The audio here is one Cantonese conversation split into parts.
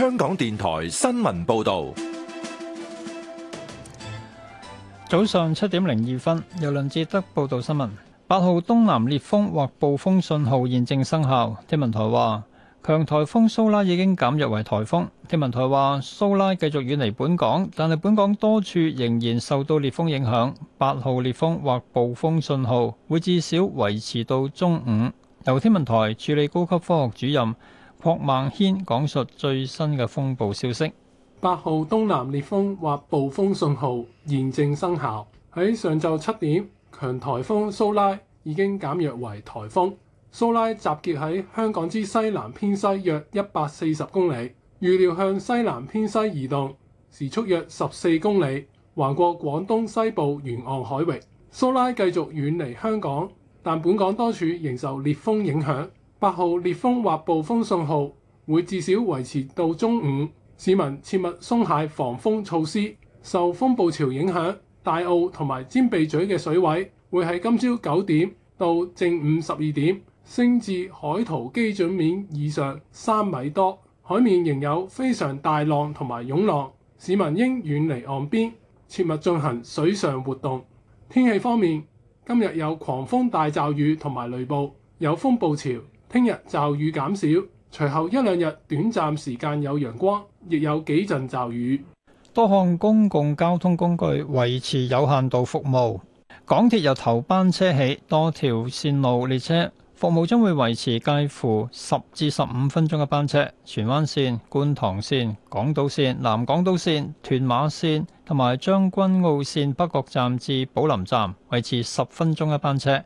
香港電台新聞報道，早上七點零二分，由梁志德報道新聞。八號東南烈風或暴風信號現正生效。天文台話，強台風蘇拉已經減弱為台風。天文台話，蘇拉繼續遠離本港，但係本港多處仍然受到烈風影響。八號烈風或暴風信號會至少維持到中午。由天文台助理高級科學主任。朴孟軒講述最新嘅風暴消息。八號東南烈風或暴風信號現正生效。喺上晝七點，強颱風蘇拉已經減弱為颱風。蘇拉集結喺香港之西南偏西約一百四十公里，預料向西南偏西移動，時速約十四公里，橫過廣東西部沿岸海域。蘇拉繼續遠離香港，但本港多處仍受烈風影響。八號烈風或暴風信號會至少維持到中午。市民切勿鬆懈防風措施。受風暴潮影響，大澳同埋尖鼻咀嘅水位會喺今朝九點到正午十二點升至海圖基準面以上三米多。海面仍有非常大浪同埋湧浪，市民應遠離岸邊，切勿進行水上活動。天氣方面，今日有狂風大驟雨同埋雷暴，有風暴潮。聽日驟雨減少，隨後一兩日短暫時間有陽光，亦有幾陣驟雨。多項公共交通工具維持有限度服務。港鐵由頭班車起，多條線路列車服務將會維持介乎十至十五分鐘嘅班車。荃灣線、觀塘線、港島線、南港島線、屯馬線同埋將軍澳線北角站至寶林站維持十分鐘嘅班車。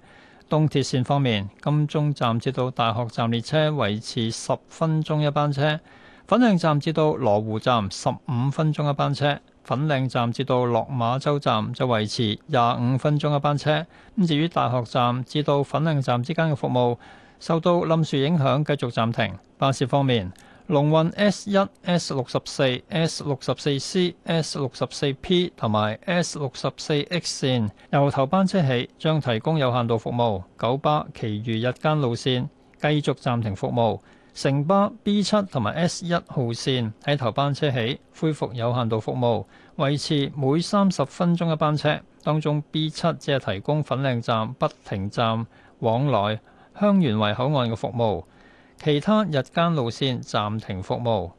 東鐵綫方面，金鐘站至到大學站列車維持十分鐘一班車，粉嶺站至到羅湖站十五分鐘一班車，粉嶺站至到落馬洲站就維持廿五分鐘一班車。咁至於大學站至到粉嶺站之間嘅服務，受到冧樹影響，繼續暫停。巴士方面。龍運 S 一、S 六十四、S 六十四 C、S 六十四 P 同埋 S 六十四 X 線由頭班車起將提供有限度服務，九巴其餘日間路線繼續暫停服務，城巴 B 七同埋 S 一號線喺頭班車起恢復有限度服務，維持每三十分鐘一班車，當中 B 七只係提供粉嶺站不停站往來香園圍口岸嘅服務。其他日間路線暫停服務，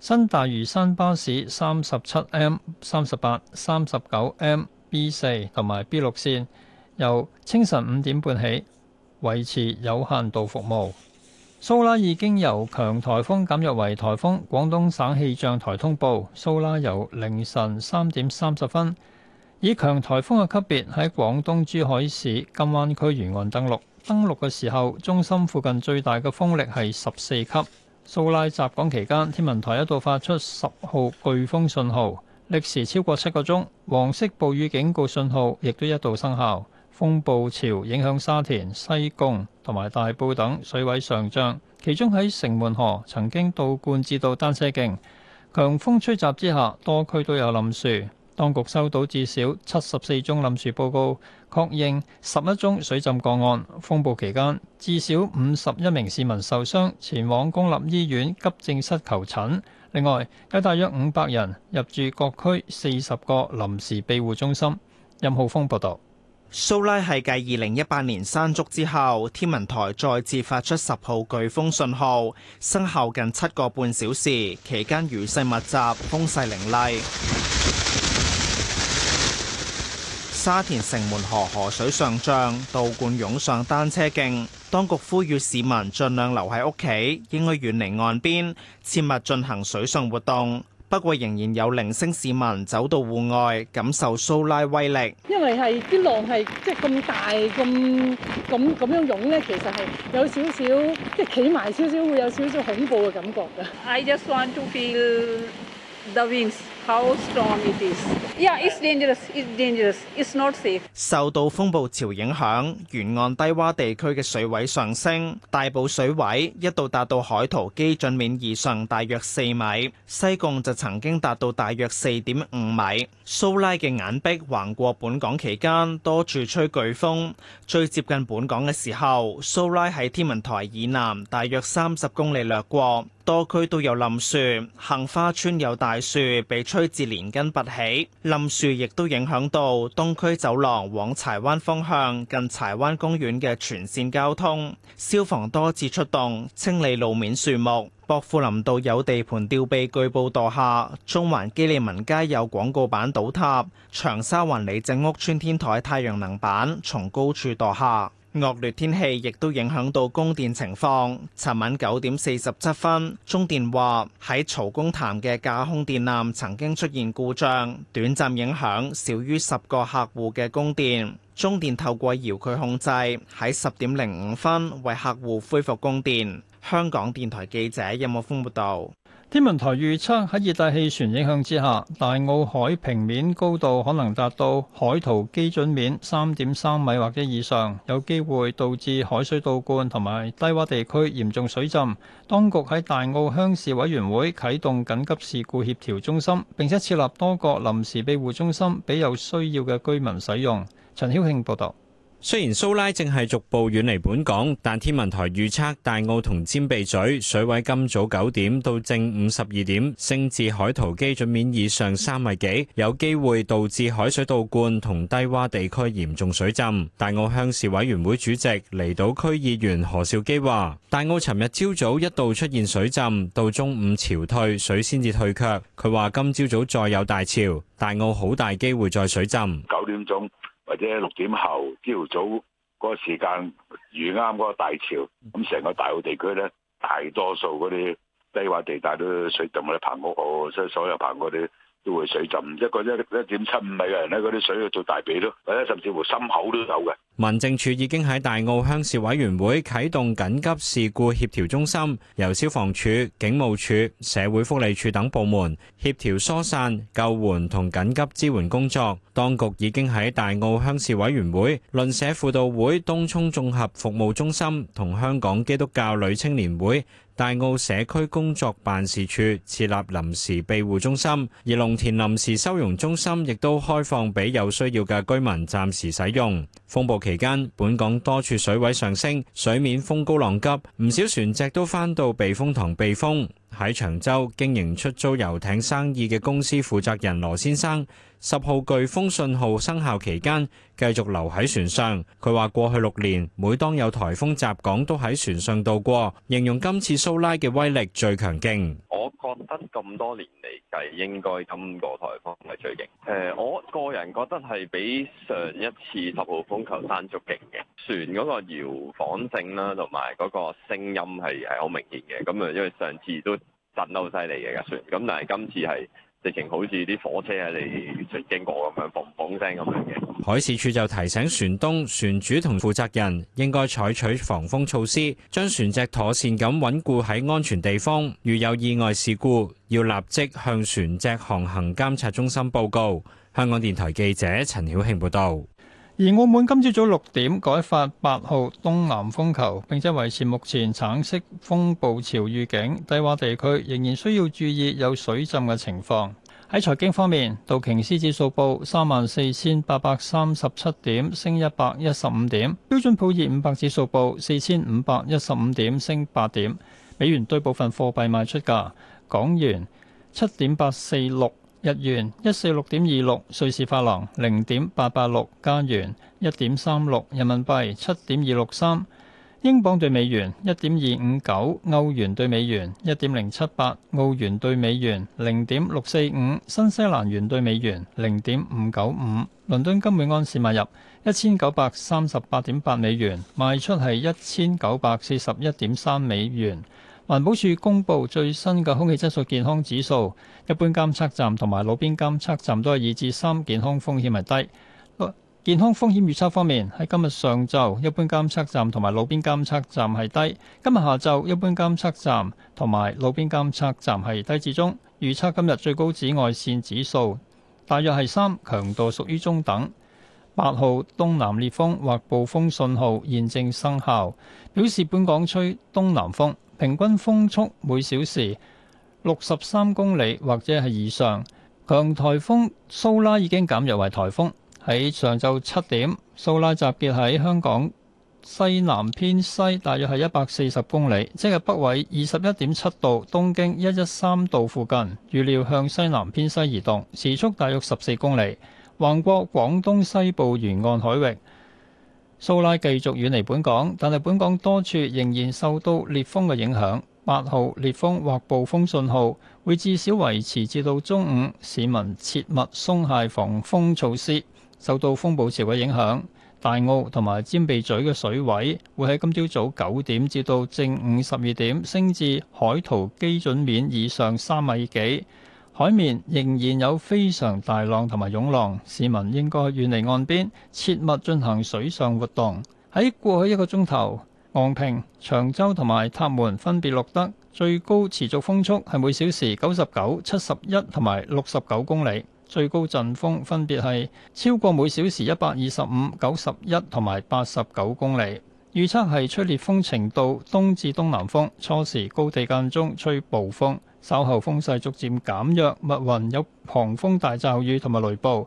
新大嶼山巴士三十七 M、三十八、三十九 M、B 四同埋 B 六線由清晨五點半起維持有限度服務。蘇拉已經由強颱風減弱為颱風，廣東省氣象台通報蘇拉由凌晨三點三十分以強颱風嘅級別喺廣東珠海市金灣區沿岸登陸。登陸嘅時候，中心附近最大嘅風力係十四級。蘇拉襲港期間，天文台一度發出十號颶風信號，歷時超過七個鐘。黃色暴雨警告信號亦都一度生效。風暴潮影響沙田、西貢同埋大埔等，水位上漲。其中喺城門河曾經倒灌至到單車徑。強風吹襲之下，多區都有冧樹。當局收到至少七十四宗臨時報告，確認十一宗水浸個案。風暴期間，至少五十一名市民受傷，前往公立醫院急症室求診。另外，有大約五百人入住各區四十個臨時庇護中心。任浩峰報導。蘇拉係繼二零一八年山竹之後，天文台再次發出十號颶風信號，生效近七個半小時。期間雨勢密集，風勢凌厲。沙田城門河河水上漲，倒灌湧上單車徑。當局呼籲市民盡量留喺屋企，應該遠離岸邊，切勿進行水上活動。不過，仍然有零星市民走到戶外，感受蘇拉威力。因為係啲浪係即係咁大咁咁咁樣湧咧，其實係有少少即係企埋少少會有少少恐怖嘅感覺嘅。受到風暴潮影響，沿岸低洼地區嘅水位上升，大埔水位一度達到海圖基準面以上大約四米，西貢就曾經達到大約四點五米。蘇拉嘅眼壁橫過本港期間，多處吹颶風，最接近本港嘅時候，蘇拉喺天文台以南大約三十公里掠過，多區都有冧樹、杏花村有大樹被吹堆至連根拔起，冧樹亦都影響到東區走廊往柴灣方向近柴灣公園嘅全線交通。消防多次出動清理路面樹木，薄扶林道有地盤吊臂據報墮下，中環基利民街有廣告板倒塌，長沙灣里正屋村天台太陽能板從高處墮下。惡劣天氣亦都影響到供電情況。尋晚九點四十七分，中電話喺曹公潭嘅架空電纜曾經出現故障，短暫影響少於十個客戶嘅供電。中電透過遙距控制喺十點零五分為客戶恢復供電。香港電台記者任木峯報道。天文台預測喺熱帶氣旋影響之下，大澳海平面高度可能達到海圖基準面三點三米或者以上，有機會導致海水倒灌同埋低洼地區嚴重水浸。當局喺大澳鄉事委員會啟動緊急事故協調中心，並且設立多個臨時庇護中心俾有需要嘅居民使用。陳曉慶報道。雖然蘇拉正係逐步遠離本港，但天文台預測大澳同尖鼻咀水位今早九點到正午十二點升至海圖基準面以上三米幾，有機會導致海水倒灌同低洼地區嚴重水浸。大澳鄉事委員會主席離島區議員何兆基話，大澳尋日朝早一度出現水浸，到中午潮退水先至退卻。佢話今朝早再有大潮，大澳好大機會再水浸。九點鐘。或者六點後朝早嗰個時間遇啱嗰個大潮，咁成個大澳地區咧大多數嗰啲低洼地帶都水浸嘅棚屋，我即係所有棚屋啲都會水浸，一個一一點七五米嘅人咧，嗰啲水去到大髀咯，或者甚至乎心口都有嘅。民政處已經喺大澳鄉事委員會啟動緊急事故協調中心，由消防處、警務處、社會福利處等部門，協調疏散、救援同緊急支援工作。當局已經喺大澳鄉事委員會、鄰舍輔導會、東涌綜合服務中心、同香港基督教女青年會、大澳社區工作辦事處，設立臨時庇護中心，而龍田臨時收容中心亦都開放俾有需要嘅居民暫時使用。期間，本港多處水位上升，水面風高浪急，唔少船隻都返到避風塘避風。喺長洲經營出租遊艇生意嘅公司負責人羅先生十號颶風信號生效期間繼續留喺船上。佢話過去六年，每當有颱風襲港，都喺船上度過，形容今次蘇拉嘅威力最強勁。我覺得咁多年嚟計，應該今個颱風係最勁。誒，我個人覺得係比上一次十號風球山竹勁嘅，船嗰個搖晃性啦，同埋嗰個聲音係係好明顯嘅。咁啊，因為上次都震得好犀利嘅架船，咁但係今次係直情好似啲火車喺嚟經過咁樣，嘣嘣聲咁樣嘅。海事處就提醒船東、船主同負責人，應該採取防風措施，將船隻妥善咁穩固喺安全地方。如有意外事故，要立即向船隻航行監察中心報告。香港電台記者陳曉慶報道。而澳門今朝早六點改發八號東南風球，並且維持目前橙色風暴潮預警，低窪地區仍然需要注意有水浸嘅情況。喺財經方面，道瓊斯指數報三萬四千八百三十七點，升一百一十五點；標準普爾五百指數報四千五百一十五點，升八點。美元兌部分貨幣賣出價，噶港元七點八四六。日元一四六點二六，瑞士法郎零點八八六，加元一點三六，人民幣七點二六三，英鎊對美元一點二五九，歐元對美元一點零七八，澳元對美元零點六四五，新西蘭元對美元零點五九五。倫敦金每安士買入一千九百三十八點八美元，賣出係一千九百四十一點三美元。環保署公布最新嘅空氣質素健康指數，一般監測站同埋路邊監測站都係二至三，健康風險係低。健康風險預測方面，喺今日上晝，一般監測站同埋路邊監測站係低；今日下晝，一般監測站同埋路邊監測站係低至中。預測今日最高紫外線指數大約係三，強度屬於中等。八號東南烈風或暴風信號現正生效，表示本港吹東南風。平均風速每小時六十三公里或者係以上。強颱風蘇拉已經減弱為颱風，喺上晝七點，蘇拉集結喺香港西南偏西，大約係一百四十公里，即係北緯二十一點七度，東經一一三度附近。預料向西南偏西移動，時速大約十四公里，橫過廣東西部沿岸海域。蘇拉繼續遠離本港，但係本港多處仍然受到烈風嘅影響。八號烈風或暴風信號會至少維持至到中午，市民切勿鬆懈防風措施。受到風暴潮嘅影響，大澳同埋尖鼻咀嘅水位會喺今朝早九點至到正午十二點升至海圖基準面以上三米幾。海面仍然有非常大浪同埋湧浪，市民應該遠離岸邊，切勿進行水上活動。喺過去一個鐘頭，昂坪、長洲同埋塔門分別錄得最高持續風速係每小時九十九、七十一同埋六十九公里，最高陣風分別係超過每小時一百二十五、九十一同埋八十九公里。預測係吹烈風程度東至東南風，初時高地間中吹暴風。稍後風勢逐漸減弱，密雲有狂風大驟雨同埋雷暴，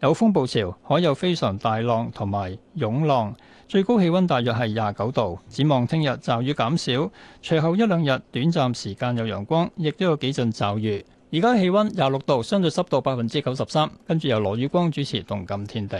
有風暴潮，海有非常大浪同埋湧浪，最高氣温大約係廿九度。展望聽日驟雨減少，隨後一兩日短暫時間有陽光，亦都有幾陣驟雨。而家氣温廿六度，相對濕度百分之九十三，跟住由羅宇光主持《動感天地》。